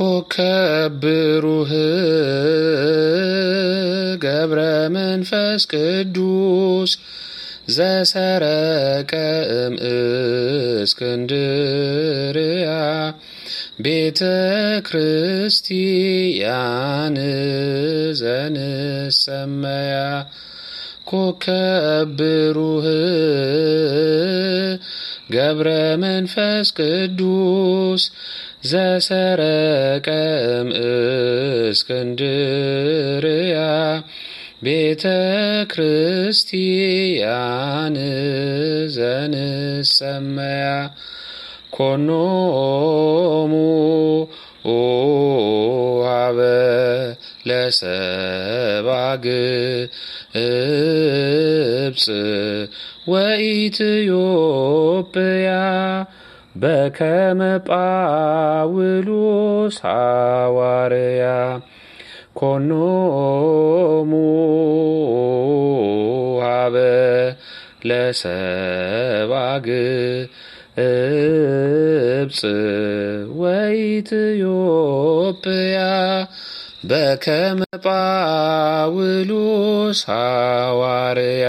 ኮከብ ብሩህ ገብረ መንፈስ ቅዱስ ዘሰረቀ እምእስክንድርያ ቤተ ክርስቲያን ዘንሰመያ ኮከብ ብሩህ ገብረ መንፈስ ቅዱስ ዘሰረቀ እስክንድርያ ቤተ ክርስቲያን ዘንሰመያ ኮኖ ሰባግብጽ ወኢትዮጵያ በከመ ጳውሎስ ሐዋርያ ኮኖሙ ሀበ ለሰባግ እብጽ ወኢትዮጵያ በከመ ጳውሎስ ሐዋርያ